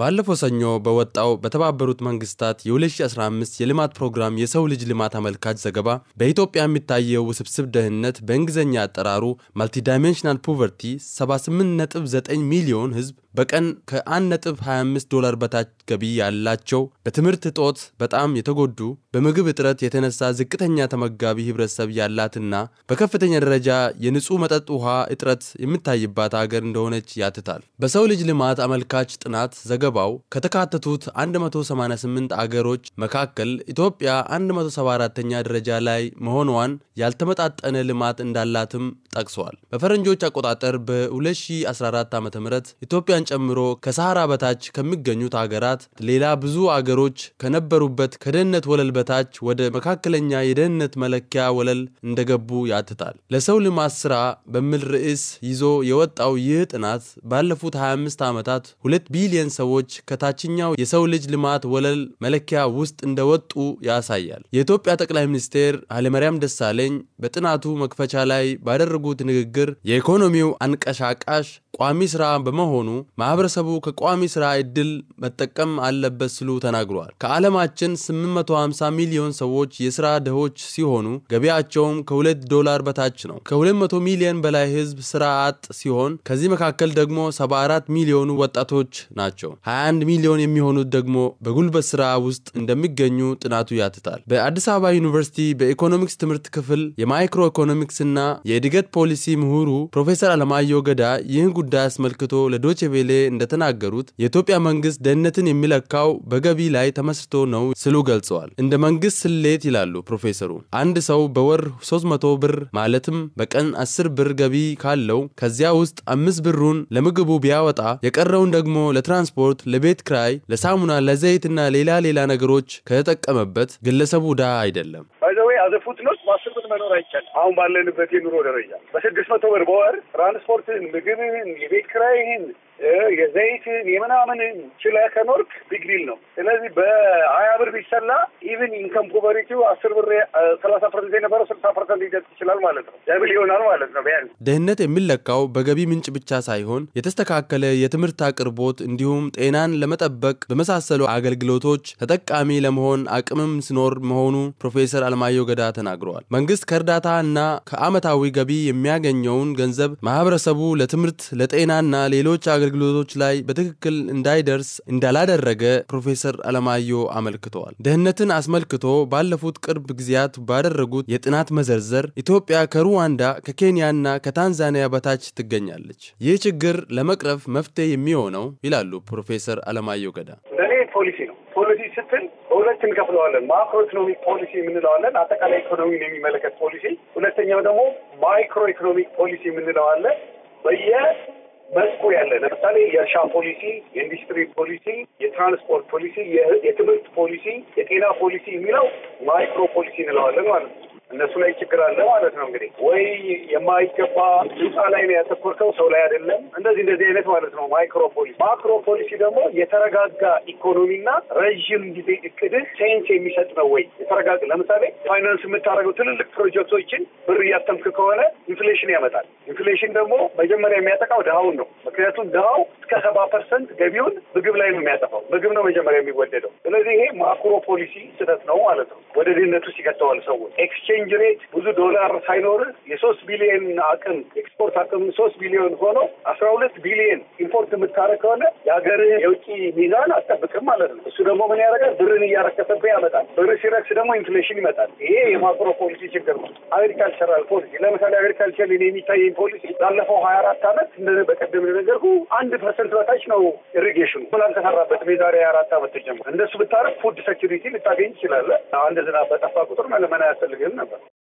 ባለፈው ሰኞ በወጣው በተባበሩት መንግስታት የ2015 የልማት ፕሮግራም የሰው ልጅ ልማት አመልካች ዘገባ በኢትዮጵያ የሚታየው ውስብስብ ደህንነት በእንግሊዝኛ አጠራሩ ማልቲዳይሜንሽናል ፖቨርቲ 78.9 ሚሊዮን ህዝብ በቀን ከ1.25 ዶላር በታች ገቢ ያላቸው፣ በትምህርት እጦት በጣም የተጎዱ፣ በምግብ እጥረት የተነሳ ዝቅተኛ ተመጋቢ ህብረተሰብ ያላትና በከፍተኛ ደረጃ የንጹህ መጠጥ ውሃ እጥረት የሚታይባት አገር እንደሆነች ያትታል። በሰው ልጅ ልማት አመልካች ጥናት ዘገባው ከተካተቱት 188 አገሮች መካከል ኢትዮጵያ 174ኛ ደረጃ ላይ መሆኗን ያልተመጣጠነ ልማት እንዳላትም ጠቅሷል። በፈረንጆች አቆጣጠር በ2014 ዓ ም ኢትዮጵያን ጨምሮ ከሰሃራ በታች ከሚገኙት አገራት ሌላ ብዙ አገሮች ከነበሩበት ከደህንነት ወለል በታች ወደ መካከለኛ የደህንነት መለኪያ ወለል እንደገቡ ያትታል። ለሰው ልማት ስራ በሚል ርዕስ ይዞ የወጣው ይህ ጥናት ባለፉት 25 ዓመታት 2 ቢሊዮን ሰው ሰዎች ከታችኛው የሰው ልጅ ልማት ወለል መለኪያ ውስጥ እንደወጡ ያሳያል። የኢትዮጵያ ጠቅላይ ሚኒስትር ኃይለማርያም ደሳለኝ በጥናቱ መክፈቻ ላይ ባደረጉት ንግግር የኢኮኖሚው አንቀሳቃሽ ቋሚ ስራ በመሆኑ ማህበረሰቡ ከቋሚ ስራ እድል መጠቀም አለበት ሲሉ ተናግረዋል። ከዓለማችን 850 ሚሊዮን ሰዎች የስራ ደሆች ሲሆኑ ገቢያቸውም ከ2 ዶላር በታች ነው። ከ200 ሚሊዮን በላይ ህዝብ ስራ አጥ ሲሆን ከዚህ መካከል ደግሞ 74 ሚሊዮኑ ወጣቶች ናቸው። 21 ሚሊዮን የሚሆኑት ደግሞ በጉልበት ስራ ውስጥ እንደሚገኙ ጥናቱ ያትታል። በአዲስ አበባ ዩኒቨርሲቲ በኢኮኖሚክስ ትምህርት ክፍል የማይክሮ ኢኮኖሚክስና የእድገት ፖሊሲ ምሁሩ ፕሮፌሰር አለማየሁ ገዳ ይህን ጉዳይ አስመልክቶ ለዶቼ ቬሌ እንደተናገሩት የኢትዮጵያ መንግስት ደህንነትን የሚለካው በገቢ ላይ ተመስርቶ ነው ስሉ ገልጸዋል። እንደ መንግስት ስሌት ይላሉ ፕሮፌሰሩ አንድ ሰው በወር 300 ብር ማለትም በቀን 10 ብር ገቢ ካለው ከዚያ ውስጥ አምስት ብሩን ለምግቡ ቢያወጣ የቀረውን ደግሞ ለትራንስፖርት፣ ለቤት ክራይ፣ ለሳሙና፣ ለዘይትና ሌላ ሌላ ነገሮች ከተጠቀመበት ግለሰቡ ዳ አይደለም። መኖር አይቻልም። አሁን ባለንበት የኑሮ ደረጃ በስድስት መቶ ብር በወር ትራንስፖርትን፣ ምግብን፣ የቤት ክራይህን የዘይት የምናምን ችለህ ከኖርክ ቢግሪል ነው። ስለዚህ በሀያ ብር ቢሰላ ኢቭን ኢንከም ኮቨሬቲው አስር ብር ሰላሳ ፐርሰንት የነበረው ስልሳ ፐርሰንት ሊደርስ ይችላል ማለት ነው። ደብል ይሆናል ማለት ነው። ቢያንስ ድህነት የሚለካው በገቢ ምንጭ ብቻ ሳይሆን የተስተካከለ የትምህርት አቅርቦት እንዲሁም ጤናን ለመጠበቅ በመሳሰሉ አገልግሎቶች ተጠቃሚ ለመሆን አቅምም ሲኖር መሆኑ ፕሮፌሰር አልማየሁ ገዳ ተናግረዋል። መንግስት ከእርዳታ እና ከአመታዊ ገቢ የሚያገኘውን ገንዘብ ማህበረሰቡ ለትምህርት ለጤናና ሌሎች አገ አገልግሎቶች ላይ በትክክል እንዳይደርስ እንዳላደረገ ፕሮፌሰር አለማየሁ አመልክተዋል። ድህነትን አስመልክቶ ባለፉት ቅርብ ጊዜያት ባደረጉት የጥናት መዘርዘር ኢትዮጵያ ከሩዋንዳ ከኬንያና ከታንዛኒያ በታች ትገኛለች። ይህ ችግር ለመቅረፍ መፍትሄ የሚሆነው ይላሉ ፕሮፌሰር አለማየሁ ገዳ። ለእኔ ፖሊሲ ነው። ፖሊሲ ስትል በሁለት እንከፍለዋለን። ማክሮ ኢኮኖሚክ ፖሊሲ የምንለዋለን፣ አጠቃላይ ኢኮኖሚን የሚመለከት ፖሊሲ። ሁለተኛው ደግሞ ማይክሮ ኢኮኖሚክ ፖሊሲ የምንለዋለን በየ መስኩ ያለ ለምሳሌ የእርሻ ፖሊሲ፣ የኢንዱስትሪ ፖሊሲ፣ የትራንስፖርት ፖሊሲ፣ የትምህርት ፖሊሲ፣ የጤና ፖሊሲ የሚለው ማይክሮ ፖሊሲ እንለዋለን ማለት ነው። እነሱ ላይ ችግር አለ ማለት ነው። እንግዲህ ወይ የማይገባ ህንፃ ላይ ነው ያተኮርከው፣ ሰው ላይ አይደለም። እንደዚህ እንደዚህ አይነት ማለት ነው ማይክሮፖሊሲ። ፖሊሲ ደግሞ የተረጋጋ ኢኮኖሚና ረዥም ጊዜ እቅድህ ሴንስ የሚሰጥ ነው ወይ የተረጋጋ ለምሳሌ ፋይናንስ የምታደርገው ትልልቅ ፕሮጀክቶችን ብር እያተምክ ከሆነ ኢንፍሌሽን ያመጣል። ኢንፍሌሽን ደግሞ መጀመሪያ የሚያጠቃው ድሃውን ነው። ምክንያቱም ድሃው እስከ ሰባ ፐርሰንት ገቢውን ምግብ ላይ ነው የሚያጠፋው። ምግብ ነው መጀመሪያ የሚወደደው። ስለዚህ ይሄ ማክሮ ፖሊሲ ስህተት ነው ማለት ነው። ወደ ድህነቱ ውስጥ ሰዎች ኤክስቼንጅ ኤክስቼንጅ ሬት ብዙ ዶላር ሳይኖር የሶስት ቢሊዮን አቅም ኤክስፖርት አቅም ሶስት ቢሊዮን ሆኖ አስራ ሁለት ቢሊዮን ኢምፖርት የምታረግ ከሆነ የሀገር የውጭ ሚዛን አጠብቅም ማለት ነው። እሱ ደግሞ ምን ያደርጋል? ብርን እያረከሰበ ያመጣል። ብር ሲረክስ ደግሞ ኢንፍሌሽን ይመጣል። ይሄ የማክሮ ፖሊሲ ችግር ነው። አግሪካልቸራል ፖሊሲ ለምሳሌ አግሪካልቸር የሚታየኝ ፖሊሲ ባለፈው ሀያ አራት አመት በቀደም ነገር አንድ ፐርሰንት በታች ነው ኢሪጌሽኑ ምን አልተሰራበትም። የዛሬ አራት አመት ተጀምሮ እንደሱ ብታረግ ፉድ ሴኪሪቲ ልታገኝ ይችላለ። አንድ ዝናብ በጠፋ ቁጥር መለመና አያስፈልግም ነበር። happen.